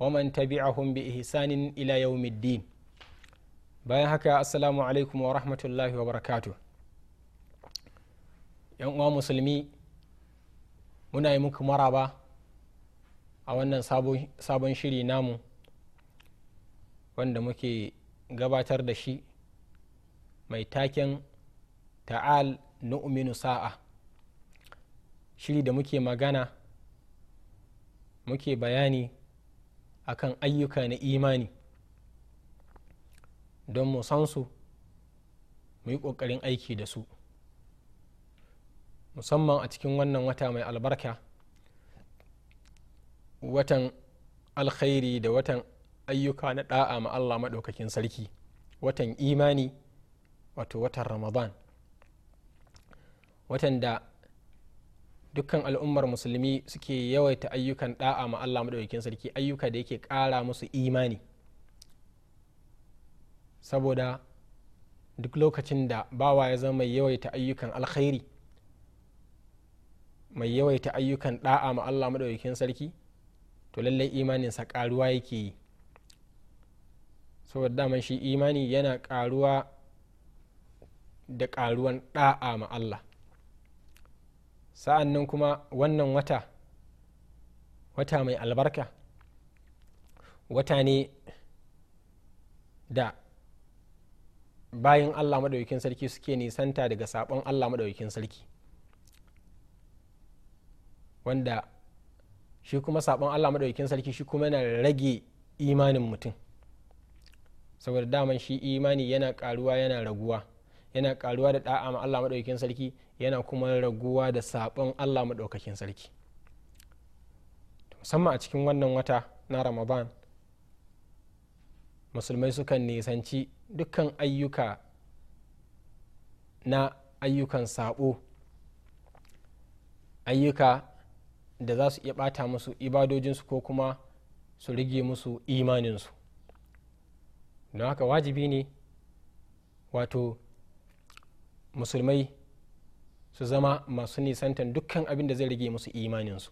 ومن تبعهم بإحسان إلى يوم الدين bayan haka assalamu alaikum wa rahmatullahi wa barakatu yan uwa musulmi muna yi muku maraba a wannan sabon shiri namu wanda muke gabatar da shi mai taken ta'al nu'minu sa'a shiri da muke magana muke bayani akan ayyuka na imani don mu san su mu yi ƙoƙarin aiki da su musamman a cikin wannan wata mai albarka watan alkhairi da watan ayyuka na ɗa'a ma Allah maɗaukakin sarki watan imani wato watan ramadan watan da dukkan al'ummar musulmi suke yawaita ayyukan da'a ma Allah madaukakin sarki ayyuka da yake ƙara musu imani saboda duk lokacin da bawa ya zama mai yawaita ayyukan alkhairi mai yawaita ayyukan da'a ma Allah madaukakin sarki to lallai imaninsa ƙaruwa yake yi saboda daman shi imani yana ƙaruwa da ƙaruwan da'a ma Allah sa'an nan kuma wannan wata wata mai albarka wata ne da bayan allah maɗaukin sarki suke nisanta daga saɓon allah maɗaukin sarki wanda shi kuma saɓon allah maɗaukin sarki shi kuma yana rage imanin mutum saboda daman shi imani yana ƙaruwa yana raguwa yana karuwa da da'a ma Allah madaukakin sarki yana kuma raguwa da sabon Allah maɗaukakin sarki musamman a cikin wannan wata na ramadan musulmai sukan nisanci dukkan ayyuka na ayyukan sabo ayyuka da za su iya ɓata musu ibadojinsu ko kuma su rige musu imaninsu don haka wajibi ne wato musulmai su zama masu nisantan dukkan abin da zai rage musu imaninsu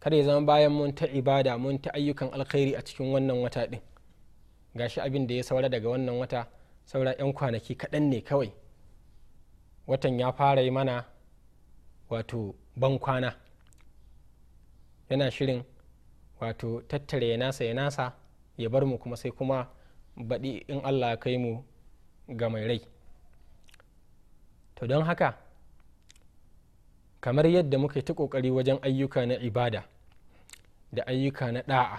kada ya zama bayan mun ta ibada mun ta ayyukan alkhairi a cikin wannan wata ɗin gashi abin da ya saura daga wannan wata saura 'yan kwanaki kaɗan ne kawai watan ya fara yi mana wato ban kwana yana shirin wato tattare ya nasa ya nasa ya bar mu kuma sai kuma baɗi in allah ya kai mu ga mai rai to don haka kamar yadda muka yi ta ƙoƙari wajen ayyuka na ibada da ayyuka na ɗa'a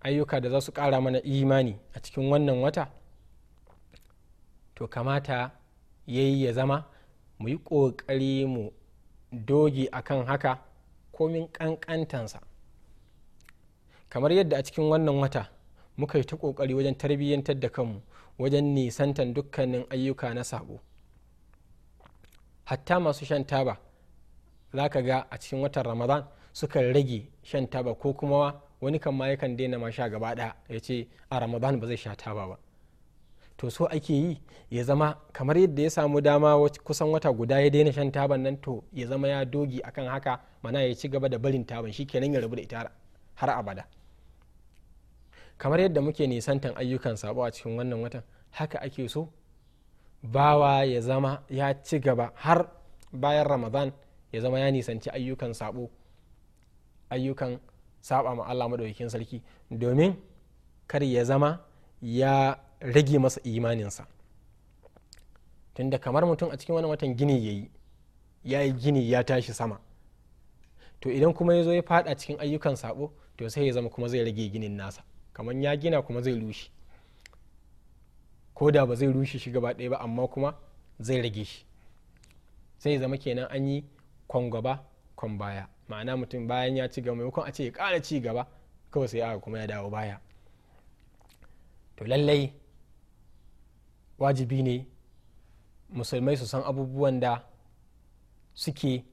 ayyuka da za su ƙara mana imani a cikin wannan wata to kamata ya yi ya zama mu yi ƙoƙari mu doge akan haka komin ƙanƙantansa kamar yadda a cikin wannan wata muka yi ta ƙoƙari wajen tarbiyyantar da kanmu wajen nisantan dukkanin ayyuka na sabo hatta masu shan taba za ka ga a cikin watan ramadan sukan rage shan taba ko kuma wani kan ma yakan daina ma sha gaba ɗaya ya ce a ramadan ba zai sha taba ba to so ake yi ya zama kamar yadda ya samu dama kusan wata guda ya daina shan taban nan to ya zama ya dogi akan haka mana ya ci gaba da barin taban shi kenan ya rabu da ita har abada kamar yadda muke nisantan ayyukan sabo a cikin wannan watan haka ake so bawa ya zama ya ci gaba har bayan ramadan ya zama ya nisanci ayyukan sabo ayyukan saba ma allah maɗaukakin sarki domin kar ya zama ya rage masa imaninsa tunda kamar mutum a cikin wannan watan gini ya yi ya yi gini ya tashi sama to idan kuma ya zo ya fada cikin ayyukan sabo to sai ya zama kuma zai rage ginin nasa kamar ya gina kuma zai rushe ko da ba zai rushe shi gaba ɗaya ba amma kuma zai rage shi sai zama kenan an yi kwan gaba kwan baya ma'ana mutum bayan ya ci gaba maimakon a ce ya ƙara ci gaba kawai sai aka kuma ya dawo baya to lallai wajibi ne musulmai su san abubuwan da suke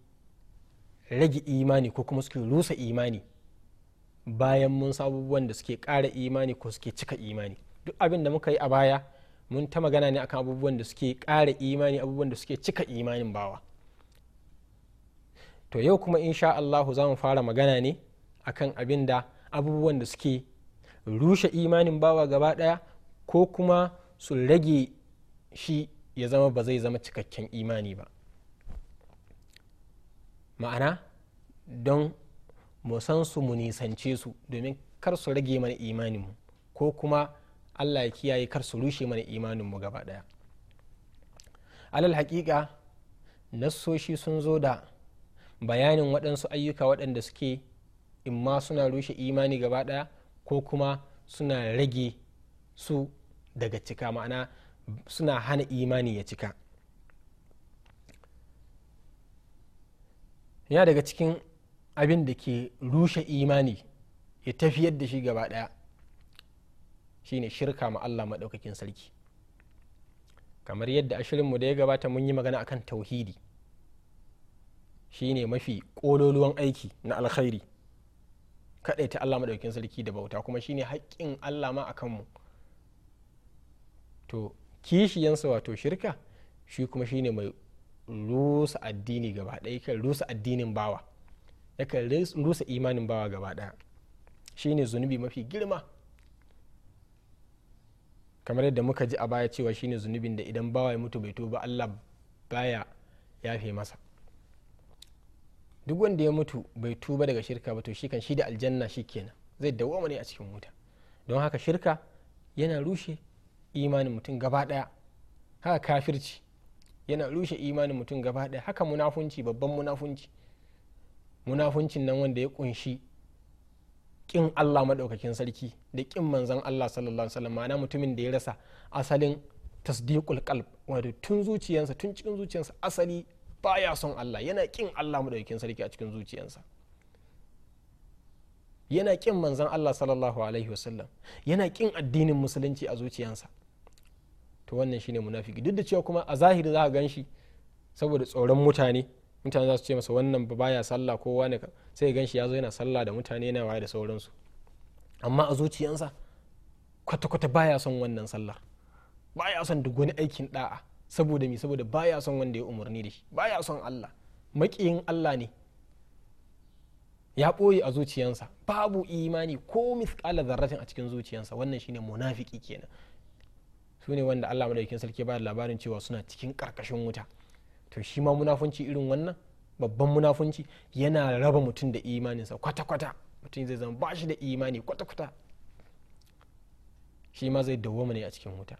rage imani ko kuma suke rusa imani bayan mun sa abubuwan da suke ƙara imani ko suke cika imani duk abin da muka yi a baya mun ta magana ne akan abubuwan da suke ƙara imani abubuwan da suke cika imanin bawa to yau kuma insha Allahu za mu fara magana ne akan abin da abubuwan da suke rushe imanin bawa gaba ɗaya ko kuma su rage shi ya zama ba zai zama cikakken imani ba ma'ana don mu san su mu nisance su domin kar su rage mana imanin mu ko kuma allah ya kiyaye kar su rushe mana imanin mu gaba daya alal haƙiƙa nassoshi sun zo da bayanin waɗansu ayyuka waɗanda suke imma suna rushe imani gaba ɗaya ko kuma suna rage su daga cika ma'ana suna hana imani ya cika ya daga cikin abin da ke rushe imani ya tafiyar da shi gaba ɗaya shine shirka ma Allah maɗaukakin sarki kamar yadda ashirinmu mu da ya gabata mun yi magana akan tauhidi shine mafi ƙololuwan aiki na alkhairi Kaɗai ta Allah maɗaukakin sarki da bauta kuma shine haƙƙin Allah ma a kanmu to kishiyansa wato shirka shi kuma shine mai rusa addini gaba ɗaya kan rusa addinin bawa yakan rusa imanin bawa gaba ɗaya shine zunubi mafi girma kamar yadda muka ji a baya cewa shine zunubin da idan bawa ya mutu bai tuba allah baya yafe masa duk wanda ya mutu bai tuba daga shirka ba to shi kan shi da aljanna shi kenan zai dawo ne a cikin wuta don haka shirka yana rushe imanin mutum gaba daya haka kafirci yana rushe imanin mutum gaba ɗaya haka munafunci babban munafunci munafuncin nan wanda ya kunshi kin Allah maɗaukakin sarki da kin manzan Allah sallallahu alaihi wasallam ma'ana mutumin da ya rasa asalin tasdiqul qalb wato tun zuciyarsa tun cikin zuciyarsa asali baya son Allah yana kin Allah maɗaukakin sarki a cikin zuciyarsa yana kin manzan Allah sallallahu alaihi wasallam yana kin addinin musulunci a zuciyarsa to wannan shine munafiki duk da cewa kuma a zahiri za ka ganshi saboda tsoron mutane mutane za su ce masa wannan ba baya sallah ko wani sai ganshi ya zo yana sallah da mutane na waye da sauransu amma a zuciyansa kwata-kwata baya son wannan sallar baya son duk wani aikin da'a saboda mi saboda baya son wanda ya umarni da shi baya son Allah maƙiyin Allah ne ya ɓoye a zuciyansa babu imani ko misƙala zarratin a cikin zuciyansa wannan shine munafiki kenan su ne wanda Allah madaukin sarki ba da labarin cewa suna cikin ƙarƙashin wuta to shi ma munafunci irin wannan babban munafunci yana raba mutum da imaninsa kwata-kwata mutum zai zama ba shi da imani kwata-kwata shi ma zai dawoma ne a cikin wuta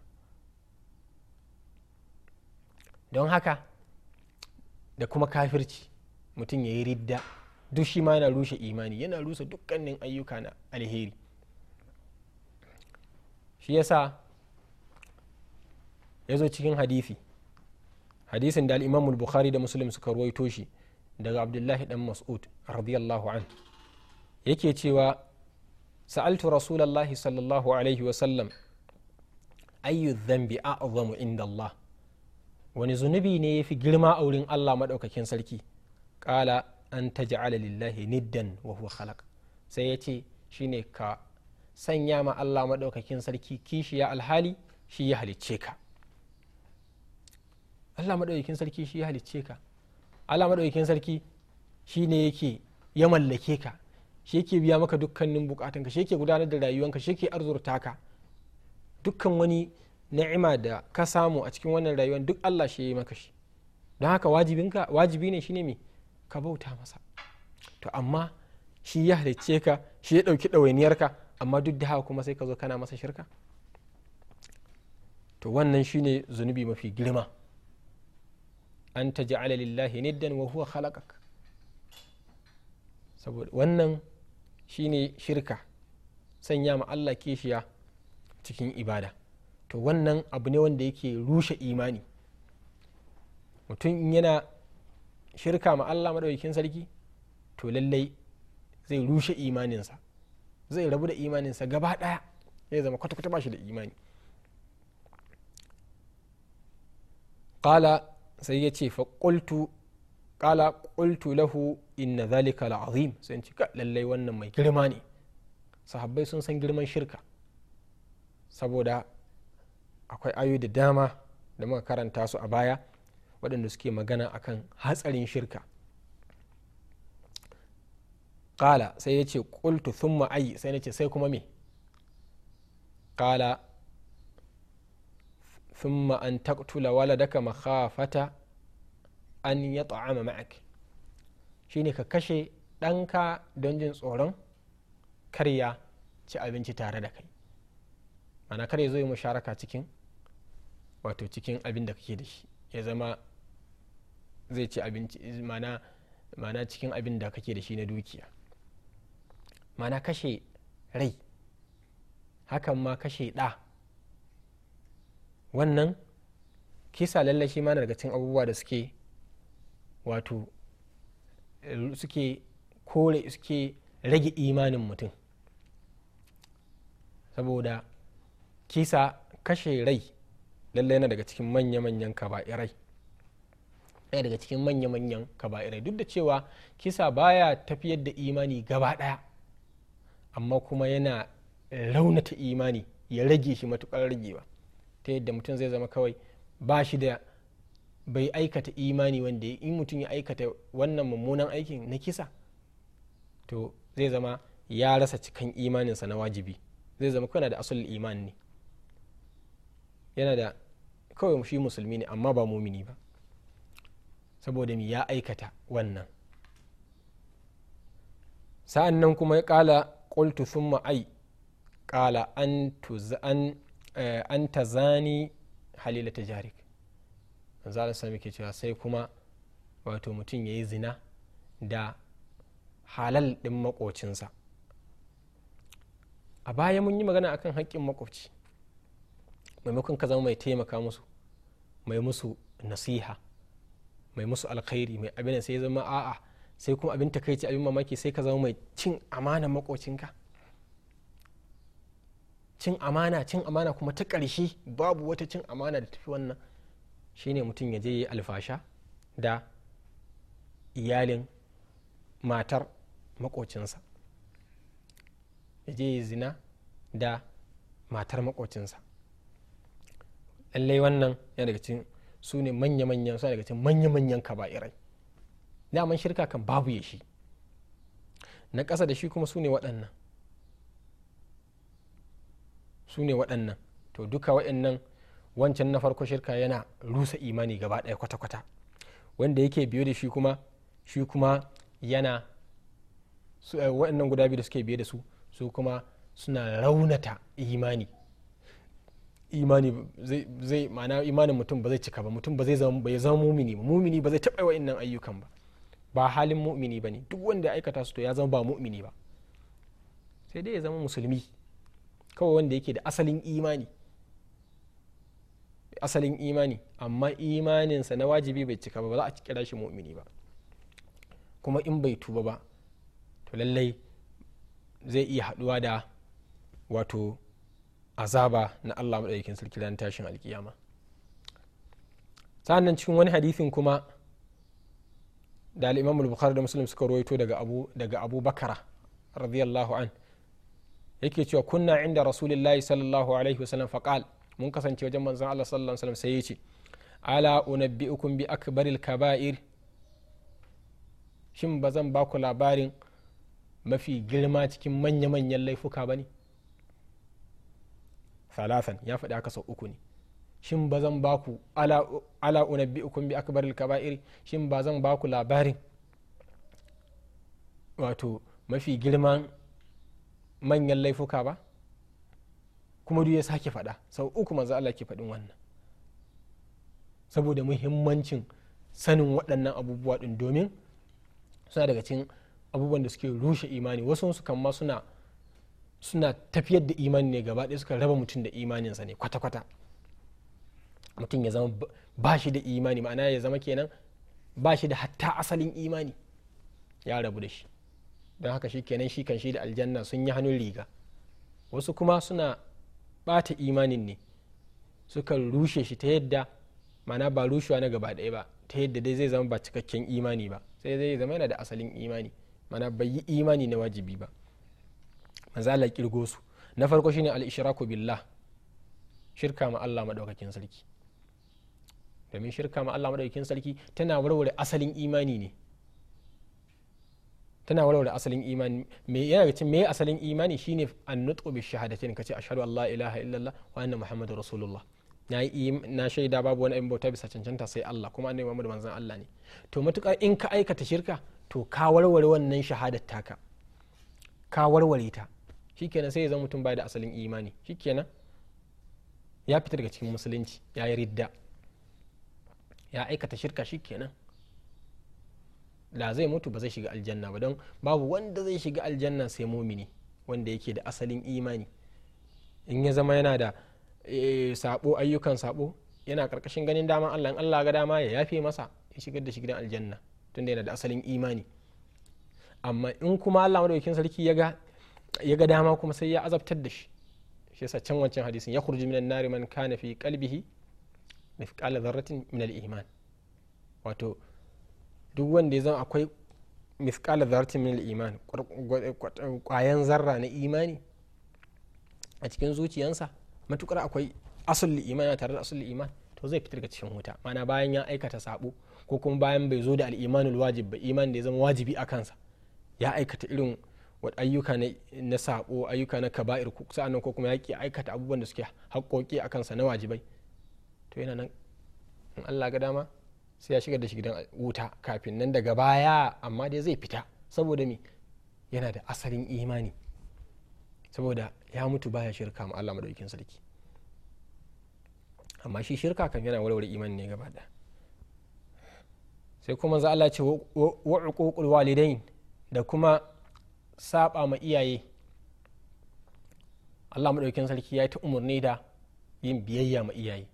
don haka da kuma kafirci mutum ya yi ridda duk shi ma yana rushe imani yana rusa dukkanin ayyuka na alheri shi yasa ya zo cikin hadithi hadisin da al bukhari da muslim suka ruwaito shi daga abdullahi dan mas'ud radiyallahu an yake cewa sa'altu rasulallahi sallallahu alaihi wa sallam ayyu dhanbi a'zamu inda Allah wani zunubi ne yafi girma a wurin Allah madaukakin sarki kala an taj'ala lillahi niddan wa huwa khalaq sai yace shine ka sanya ma Allah madaukakin sarki kishiya alhali shi ya halicce ka Allah maɗaukakin sarki shi ya halicce ka Allah maɗaukakin sarki shi ne yake ya mallake ka shi yake biya maka dukkanin ka shi yake gudanar da rayuwanka shi yake arzurta ka dukkan wani ni'ima da ka samu a cikin wannan rayuwar duk Allah shi ya maka shi don haka wajibinka wajibi ne shine me ka bauta masa to amma shi ya halicce ka shi ya ɗauki ka amma duk da haka kuma sai ka zo kana masa shirka to wannan shine zunubi mafi girma an ta ja'ala lillahi niddan wa huwa khalaqak saboda wannan shine shirka sanya ma Allah kishiya cikin ibada to wannan abu ne wanda yake rushe imani mutum in yana shirka ma Allah madaukakin sarki to lallai zai rushe imaninsa zai rabu da imaninsa gaba daya zai zama kwata-kwata ba shi da imani kala. sai ya ce fa qultu kala qultu lahu inna zalika la'azim sai in ka lallai wannan mai girma ne sahabbai sun san girman shirka saboda akwai ayoyi da dama da muka karanta su a baya waɗanda suke magana akan hatsarin shirka kala sai ya ce ƙultu thumma ayi sai na ce sai kuma me kala ثم أن تقتل ولدك مخافة أن يطعم معك shine ka kashe ɗanka don jin tsoron ya ci abinci tare da kai mana kar ya zo yi musharaka cikin wato cikin abin da kake da shi ya zama zai ci abinci mana cikin abin da kake da shi na dukiya mana kashe rai hakan ma kashe ɗa wannan kisa lallai shi ma daga cikin abubuwa da suke wato suke kore suke rage imanin mutum saboda kisa kashe rai lallai yana daga cikin manya-manyan kaba'irai ɗaya daga cikin manya-manyan kaba'irai duk da cewa kisa baya tafiyar da imani gaba ɗaya amma kuma yana raunata imani ya rage shi matukar ragewa ta yadda mutum zai zama kawai ba shi da bai aikata imani wanda in mutum ya aikata wannan mummunan aikin na kisa to zai zama ya rasa cikin imaninsa na wajibi zai zama kawai da asul imani ne yana da kawai shi musulmi ne amma ba mumini ba saboda mi ya aikata wannan sa'an nan kuma ya kala qultu thumma ai kala an an. Eh, an ta zani halila ta jarik manzala sami ke cewa sai kuma wato mutum ya yi zina da halal ɗin makocinsa a baya mun yi magana akan haƙƙin makoci maimakon ka zama mai taimaka musu mai musu nasiha mai musu alkhairi mai abin sai zama a'a sai kuma abin takaici abin mamaki sai ka zama mai cin amanan makocinka cin amana cin amana kuma ta ƙarshe babu wata cin amana da tafi wannan shine mutum ya je alfasha da iyalin matar makocinsa ya je zina da matar makocinsa lallai wannan ya daga cikin su ne manya-manyan su daga cikin manya-manyan kaba'irai daman shirka kan babu ya shi na ƙasa da shi kuma su ne waɗannan su ne waɗannan to duka waɗannan wancan na farko shirka yana rusa imani gaba ɗaya kwata-kwata wanda yake biyo da shi kuma shi kuma yana eh, waɗannan guda biyu da suke biye da su su kuma suna raunata imani imani zai ma'ana imanin mutum ba zai cika ba mutum ba zai zama mumini ba mumini ba zai taɓa waɗannan ayyukan ba ba halin mu'mini ba ne duk wanda ya aikata su to ya zama ba mu'mini ba sai dai ya zama musulmi kawai wanda yake da asalin imani asalin imani amma imaninsa na wajibi bai cika ba za a kira shi mu'mini ba kuma in bai tuba ba to lallai zai iya haɗuwa da wato azaba na allah maɗaukin sarki ran tashin alkiyama sa'an cikin wani hadithin kuma da al'imamul bukhari da muslim suka rawaito daga abu daga abu bakara radiyallahu an yake cewa kunna inda rasulillahi sallallahu alaihi wasallam faqal mun kasance wajen manzon Allah sallallahu alaihi wasallam sai yace ala unabbi'ukum bi akbaril kaba'ir shin ba zan ba ku labarin mafi girma cikin manya-manyan laifuka ba ne salasan ya faɗi aka sau uku ne shin ba zan ba ku ala unabbi'ukum bi akbaril kaba'ir shin ba zan ba ku labarin wato mafi girman manyan laifuka ba kuma duk ya sake faɗa sau uku manzo Allah ke faɗin wannan saboda muhimmancin sanin waɗannan abubuwa ɗin domin suna daga cikin abubuwan da suke rushe imani wasu su kan ma suna suna tafiyar da imani ne gaba ɗaya suka raba mutum da imaninsa ne kwata-kwata mutum ya zama ba shi da imani ma'ana ya zama kenan ba shi da hatta asalin imani ya rabu da shi don haka shi kenan shi kan shi da aljanna sun yi hannun riga wasu kuma suna bata imanin ne sukan rushe shi ta yadda mana ba rushewa na gaba ɗaya ba ta yadda dai zai zama ba cikakken imani ba sai zai zama yana da asalin imani mana bai yi imani na wajibi ba manzala kirgo su na farko shine al-ishraku billah shirka ma Allah madaukakin sarki domin shirka ma Allah madaukakin sarki tana warware asalin imani ne tana da asalin imani me yana ga me asalin imani shine annutqu bi shahadatin kace ashhadu an la ilaha illallah wa anna muhammadur rasulullah na na shaida babu wani abin bauta bisa cancanta sai Allah kuma annabi Muhammad manzon Allah ne to matukar in ka aikata shirka to ka warware wannan shahadar taka ka warware ta shikenan sai ya zama mutum bai da asalin imani shikenan ya fita daga cikin musulunci ya yi ridda ya aikata shirka shikenan da zai mutu ba zai shiga aljanna ba don babu wanda zai shiga aljanna sai mumini wanda yake da asalin imani in ya zama yana da eh, sabo ayyukan sabo yana karkashin ganin dama Allah in Allah ga dama ya yafe masa ya shigar da shi gidan aljanna tun tunda yana da asalin imani amma in kuma Allah madaukakin sarki ya ga ya ga dama kuma sai ya azabtar da shi shi yasa can wancan hadisin ya khurju minan nari man kana fi qalbihi mithqala dharratin min al-iman wato duk wanda ya zama akwai miskala zartin min iman kwayan zarra na imani a cikin zuciyansa matukar akwai asul iman yana tare da asul iman to zai fitar daga cikin wuta mana bayan ya aikata sabo ko kuma bayan bai zo da al'imanul wajib ba iman da ya zama wajibi a kansa ya aikata irin ayyuka na sabo ayyuka na kaba'ir sa'annan ko kuma ya ki aikata abubuwan da suke haƙoƙi a kansa na wajibai to yana nan in allah ga dama sai ya shiga da shi gidan wuta kafin nan daga baya amma dai zai fita saboda me yana da asalin imani saboda ya mutu baya shirka ma Allah madaukin sarki amma shi shirka kan yana warware imani ne gaba da sai kuma za Allah ce wa uququl walidain da kuma saba ma iyaye Allah madaukin sarki ya ta umurni da yin biyayya ma iyaye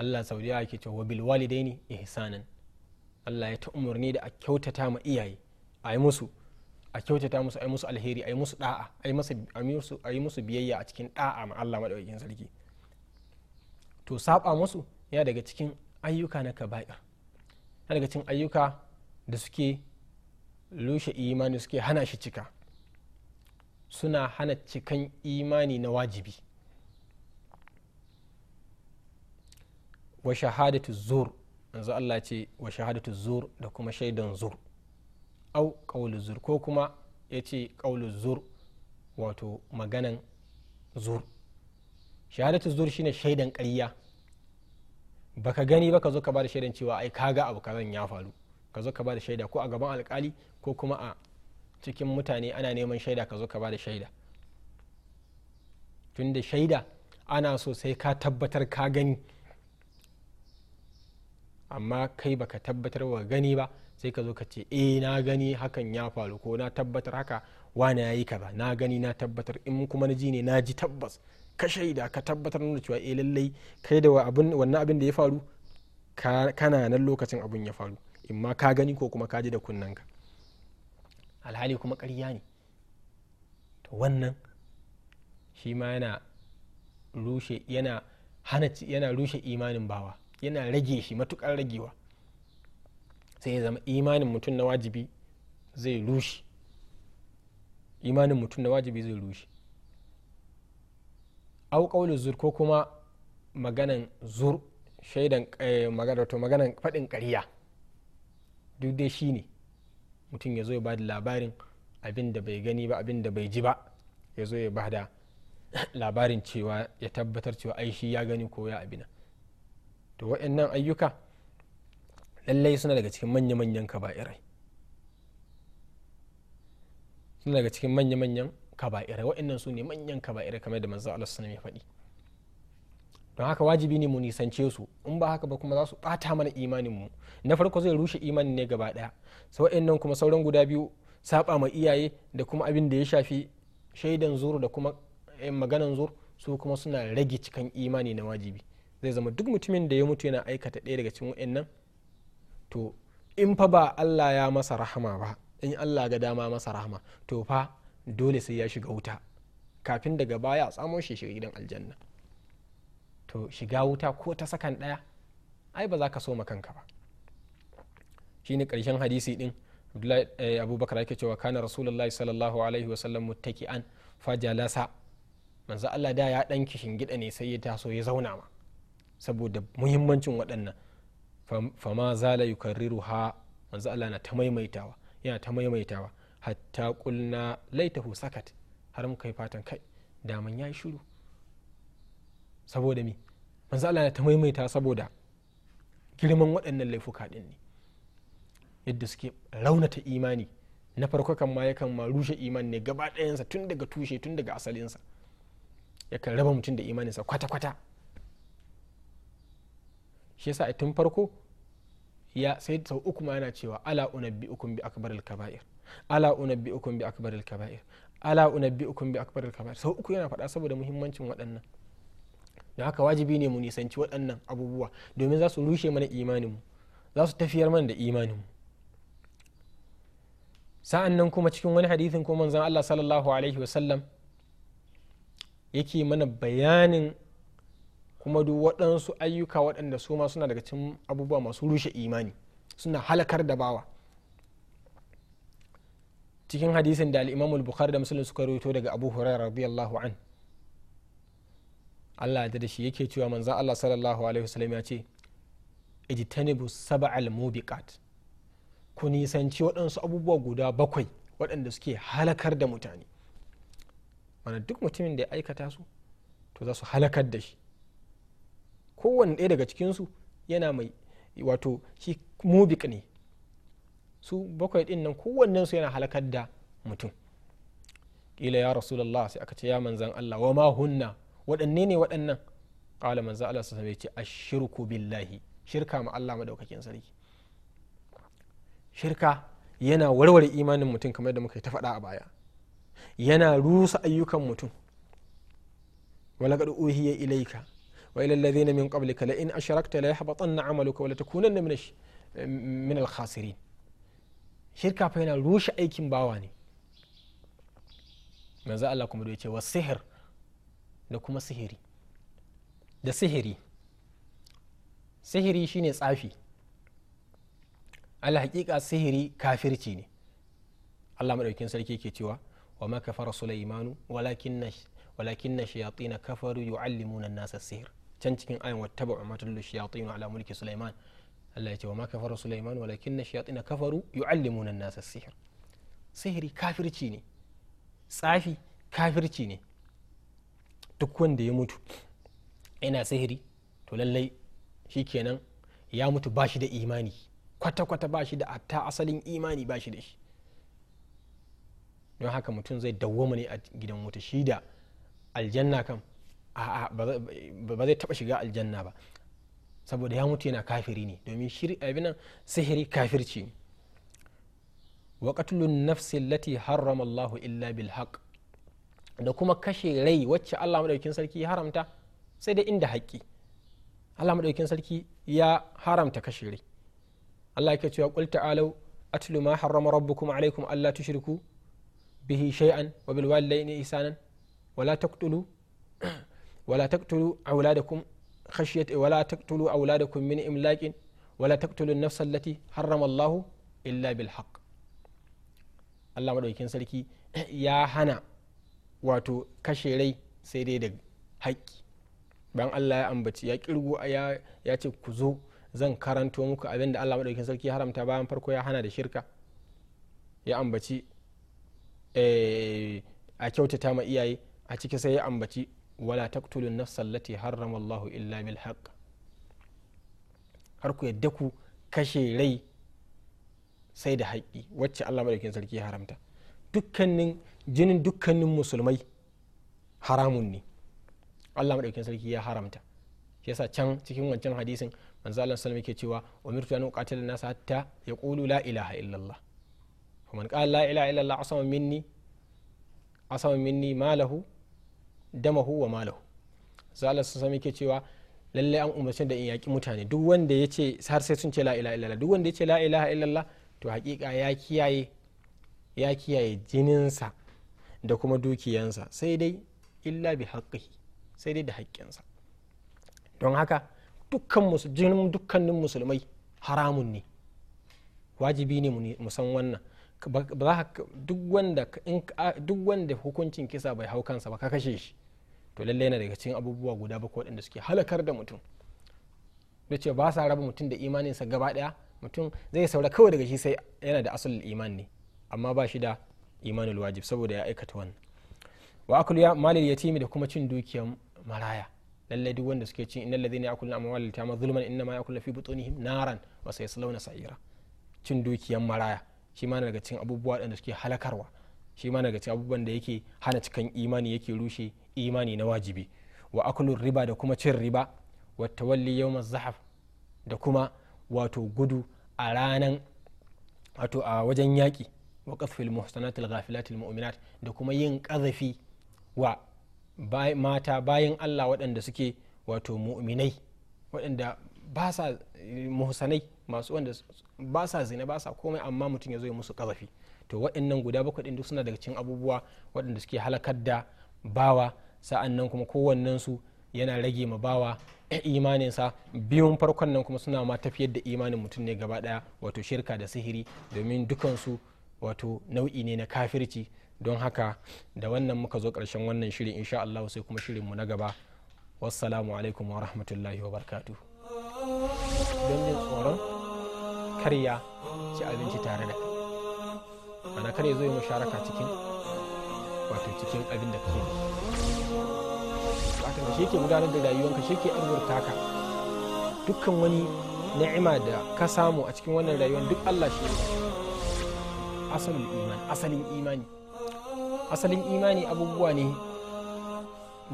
Allah sau da yake cewa bil ne ihsanan Allah ya ta umarni da a kyautata ma iyaye a yi musu a kyautata musu a yi musu alheri a yi musu da'a a yi musu biyayya a cikin da'a ma Allah madaukakin sarki to saba musu ya daga cikin ayyuka na kaba'ir ya daga cikin ayyuka da suke lushe imani suke hana shi cika suna hana cikan imani na wajibi wa shahadatu zur yanzu Allah ce wa shahadatu zur da kuma shaidan zur au qawlu zur ko kuma ya ce zur wato maganan zur shahadatu zur shine shaidan ƙarya baka gani ba ka zo ka bada shaidan cewa ai kaga abu kazan ya faru ka zo ka bada shaida ko a gaban alkali ko kuma a cikin mutane ana neman shaida ka zo ka bada shaida tunda shaida ana so sai ka tabbatar ka gani amma kai baka tabbatar wa gani ba sai ka zo ka ce eh na gani hakan ya faru ko na tabbatar haka wane ya yi kaza na gani na tabbatar in kuma na ji ne na ji tabbas ka shaida ka tabbatar nuna cewa eh lallai kai da wannan abin da ya faru kana nan lokacin abin ya faru in ma ka gani ko kuma ka ji da kunnanka alhali kuma ƙarya ne to wannan shi ma yana rushe yana rushe imanin bawa yana rage shi matukar ragewa sai ya zama imanin mutum na wajibi zai rushe imanin mutum na wajibi zai rushe au zur ko kuma maganan zur shaidan eh, to maganan faɗin ƙarya duk dai shi ne mutum ya zo ya bada da labarin abin da bai gani ba abin da bai ji ba ya zo ya bada labarin cewa ya tabbatar cewa ai shi ya gani ko ya abina to waɗannan ayyuka lallai suna daga cikin manya-manyan kaba'irai suna daga cikin manya-manyan kaba'irai wa'annan su ne manyan kaba'irai kamar da manzo Allah sunan ya faɗi don haka wajibi ne mu nisance su in ba haka ba kuma za su bata mana imanin mu na farko zai rushe imanin ne gaba daya sau wa'annan kuma sauran guda biyu saba ma iyaye da kuma abin da ya shafi shaidan zuru da kuma eh, maganan zuru su kuma suna rage cikan imani na wajibi zai zama duk mutumin da ya mutu yana aikata ɗaya daga cikin nan to in fa ba allah ya masa rahama ba in allah ga dama masa rahama to fa dole sai ya shiga wuta kafin daga baya a tsamo shi shiga gidan aljanna to shiga wuta ko ta sakan ɗaya ai ba za ka so kanka ba shi ne karshen hadisi din eh, abubakar yake cewa kana rasulullahi sallallahu alaihi wasallam fa fajalasa manzo Allah da ya dan kishin gida ne sai ya taso ya zauna ma saboda muhimmancin waɗannan fama zala yukarriru ha manzo Allah na ta maimaitawa yana ta maimaitawa hatta kulna laitahu sakat har muka yi fatan kai daman yayi shiru saboda mi manzo Allah na ta maimaita saboda girman waɗannan laifuka din ne yadda suke raunata imani na farko kan ma yakan ma rushe iman ne gaba ɗayansa tun daga tushe tun daga asalinsa yakan raba mutum da imaninsa kwata-kwata shi yasa a tun farko ya sai sau uku ma yana cewa ala unabbi'ukum bi akbar al-kaba'ir ala unabbi'ukum bi akbar al-kaba'ir ala unabbi'ukum bi akbar al-kaba'ir sau uku yana faɗa saboda muhimmancin waɗannan don haka wajibi ne mu nisanci waɗannan abubuwa domin za su rushe mana imaninmu za su tafiyar mana da imaninmu sa'an nan kuma cikin wani hadithin ko manzon Allah sallallahu alaihi wasallam yake mana bayanin kuma duk waɗansu ayyuka waɗanda su ma suna daga cikin abubuwa masu rushe imani suna halakar da bawa cikin hadisin da al'imamu bukhari da musulun suka rawaito daga abu hurairah radiyallahu an Allah da shi yake cewa manzan Allah sallallahu alaihi wasallam ya ce ijtanibu sab'al mubiqat ku nisanci waɗansu abubuwa guda bakwai waɗanda suke halakar da mutane mana duk mutumin da ya aikata su to za su halakar da shi kowanne ɗaya daga cikinsu yana mai wato shi mubik ne su bakwai ɗin nan su yana halakar da mutum ƙila ya rasu rasulallah sai aka ce ya manzan allah wa ma hunna waɗanne ne waɗannan ƙala manzan allah su same ce ashirku billahi shirka ma allah madaukakin sarki shirka yana warware imanin mutum kamar da muka ta faɗa a baya yana rusa ayyukan mutum walaƙar uhiya ilaika wa ila alladhina min qablika la in ashrakta la yahbatanna amaluka wa la takunanna min min al shirka fa yana rushe aikin bawa ne manzo Allah kuma da yace wa sihir da kuma sihiri da sihiri sihiri shine tsafi Allah hakika sihiri kafirci ne Allah madaukin sarki ke cewa wa ma kafara sulaimanu walakin na shayatina kafaru yu'allimuna an-nasa sihir can cikin ayan wattaba umatul shayatin ala mulki sulaiman Allah ya ce wa ma kafara sulaiman walakin shayatin kafaru yu'allimu nan nasa sihir sihiri kafirci ne tsafi kafirci ne duk wanda ya mutu yana sihiri to lallai shi kenan ya mutu bashi da imani kwata-kwata bashi da hatta asalin imani bashi da shi don haka mutum zai dawwama ne a gidan wuta shi da aljanna kan. a'a ba zai taba shiga aljanna ba saboda ya mutu yana kafiri ne domin shiri abin sihiri kafirci ne wa qatlun nafsi allati harrama Allahu illa bil haqq da kuma kashe rai wacce Allah madaukin sarki ya haramta sai da inda haƙƙi Allah madaukin sarki ya haramta kashe rai Allah yake cewa qul ta'alu atlu ma harrama rabbukum alaykum alla tushriku bihi shay'an wa bil walidayni ihsanan wa la taqtulu wala taqtulu auladakum khashiyat wala taqtulu auladakum min imlaqin wala taqtulu an-nafs allati illa bil haqq Allah madaukakin sarki ya hana wato kashe rai sai dai da haƙƙi bayan Allah ya ambaci ya kirgo ya ce ku zo zan karanto muku abin da Allah madaukakin sarki ya haramta bayan farko ya hana da shirka ya ambaci a kyautata ma iyaye a ciki sai ya ambaci wala taqtulun nafsal lati harrama Allahu illa bil haqq har ku yadda ku kashe rai sai da haƙƙi wacce Allah madaukakin sarki ya haramta dukkanin jinin dukkanin musulmai haramun ne Allah sarki ya haramta shi yasa can cikin wancan hadisin manzo Allah sallallahu yake cewa umirtu an uqatila nas hatta yaqulu la ilaha illallah faman qala la ilaha illallah asama minni asama minni ma lahu damahu wa malahu a sun sami ke cewa lalle an umarci da in yaki mutane duk wanda ya ce har sai sun ce la ilaha illallah duk wanda ya ce la ilaha illallah to hakika ya kiyaye ya kiyaye jininsa da kuma dukiyansa sai dai illa bi haqqihi sai dai da haƙƙinsa don haka dukkan jinin dukkanin musulmai haramun ne wajibi ne mu san wannan duk wanda hukuncin kisa bai hau kansa ba ka kashe shi to lallai yana daga cikin abubuwa guda bakwai waɗanda suke halakar da mutum da ce ba sa raba mutum da imanin sa gaba ɗaya mutum zai saura kawai daga shi sai yana da asalin iman ne amma ba shi da imanul wajib saboda ya aikata wannan wa akulu ya malil yatimi da kuma cin dukiyar maraya lallai duk wanda suke cin innal ladina yakuluna amwal yatama zulman inna ma yakuluna fi butunihim naran wa sayaslawna sa'ira cin dukiyan maraya shi ma daga cikin abubuwa da suke halakarwa shi ma daga cikin abubuwan da yake hana cikin imani yake rushe imani na wajibi wa akulun riba da kuma cin riba wa tawalli yawmaz zahaf da kuma wato gudu a ranan wato a wajen yaƙi wa qasfil muhsanatil ghafilatil mu'minat da kuma yin ƙazafi wa mata bayan Allah waɗanda suke wato mu'minai waɗanda ba sa eh, muhsanai masu wanda ba sa zina ba sa komai amma mutum ya zo musu ƙazafi to waɗannan guda bakwai ɗin duk suna daga cikin abubuwa waɗanda suke halakar da bawa sa'an nan kuma kowannen su yana rage ma bawa imanin sa biyun farkon nan kuma suna ma tafiyar da imanin mutum ne gaba ɗaya wato shirka da sihiri domin dukansu wato nau'i ne na kafirci don haka da wannan muka zo karshen wannan shirin insha Allah sai kuma shirin mu na gaba wassalamu alaikum wa rahmatullahi wa barkatu don jin tsoron karya ci abinci tare da kai ana kare ya zo ya musharaka cikin wato cikin abin da kake wato shi ke gudanar da rayuwanka shi ke arzurta ka dukkan wani ni'ima da ka samu a cikin wannan rayuwar duk Allah shi ne asalin imani asalin imani asalin imani abubuwa ne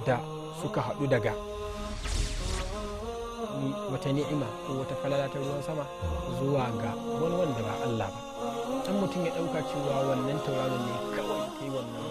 da suka haɗu daga wata ni'ima ko wata falala ta ruwan sama zuwa ga wani wanda ba Allah ba dan mutum ya ɗauka cewa wannan tauraron ne kawai kai wannan